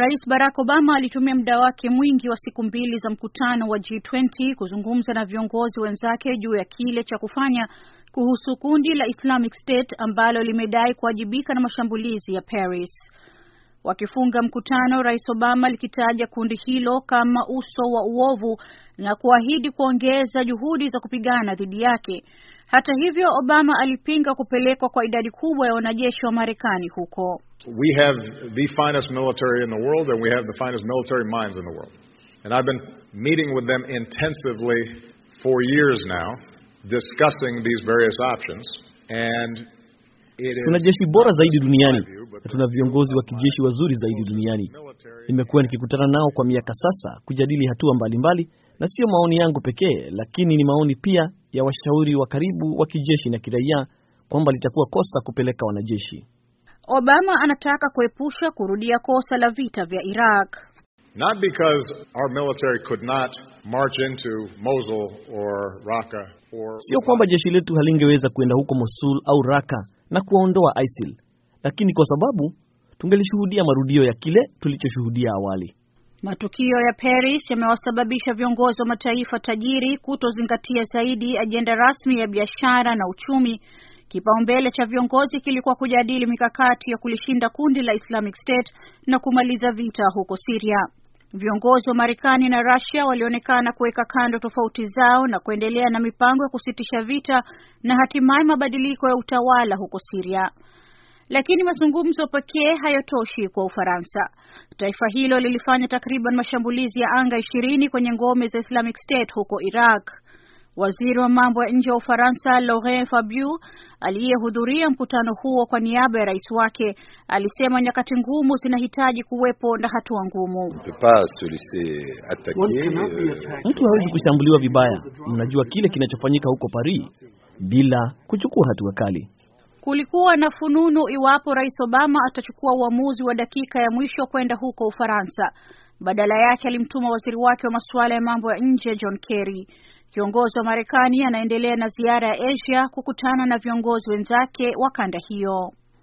Rais Barack Obama alitumia muda wake mwingi wa siku mbili za mkutano wa G20 kuzungumza na viongozi wenzake juu ya kile cha kufanya kuhusu kundi la Islamic State ambalo limedai kuwajibika na mashambulizi ya Paris. Wakifunga mkutano, Rais Obama alikitaja kundi hilo kama uso wa uovu na kuahidi kuongeza juhudi za kupigana dhidi yake hata hivyo, Obama alipinga kupelekwa kwa idadi kubwa ya wanajeshi wa Marekani huko. We have the finest military in the world and we have the finest military minds in the world. And I've been meeting with them intensively for years now discussing these various options and it Tuna jeshi bora zaidi duniani na tuna viongozi wa kijeshi wazuri zaidi duniani. Nimekuwa nikikutana nao kwa miaka sasa kujadili hatua mbalimbali mbali, na sio maoni yangu pekee, lakini ni maoni pia ya washauri wa karibu wa kijeshi na kiraia kwamba litakuwa kosa kupeleka wanajeshi. Obama anataka kuepusha kurudia kosa la vita vya Iraq. Not because our military could not march into Mosul or Raqqa or... Sio kwamba jeshi letu halingeweza kwenda huko Mosul au Raqqa na kuwaondoa ISIL, lakini kwa sababu tungelishuhudia marudio ya kile tulichoshuhudia awali. Matukio ya Paris yamewasababisha viongozi wa mataifa tajiri kutozingatia zaidi ajenda rasmi ya biashara na uchumi. Kipaumbele cha viongozi kilikuwa kujadili mikakati ya kulishinda kundi la Islamic State na kumaliza vita huko Syria. Viongozi wa Marekani na Russia walionekana kuweka kando tofauti zao na kuendelea na mipango ya kusitisha vita na hatimaye mabadiliko ya utawala huko Syria lakini mazungumzo pekee hayatoshi kwa Ufaransa. Taifa hilo lilifanya takriban mashambulizi ya anga ishirini kwenye ngome za Islamic State huko Iraq. Waziri wa mambo ya nje wa Ufaransa Laurent fabiu aliyehudhuria mkutano huo kwa niaba ya rais wake alisema nyakati ngumu zinahitaji kuwepo na hatua ngumu. Euh, Mtu hawezi kushambuliwa vibaya, mnajua kile kinachofanyika huko Paris, bila kuchukua hatua kali. Kulikuwa na fununu iwapo Rais Obama atachukua uamuzi wa dakika ya mwisho kwenda huko Ufaransa. Badala yake alimtuma waziri wake wa masuala ya mambo ya nje John Kerry. Kiongozi wa Marekani anaendelea na ziara ya Asia kukutana na viongozi wenzake wa kanda hiyo.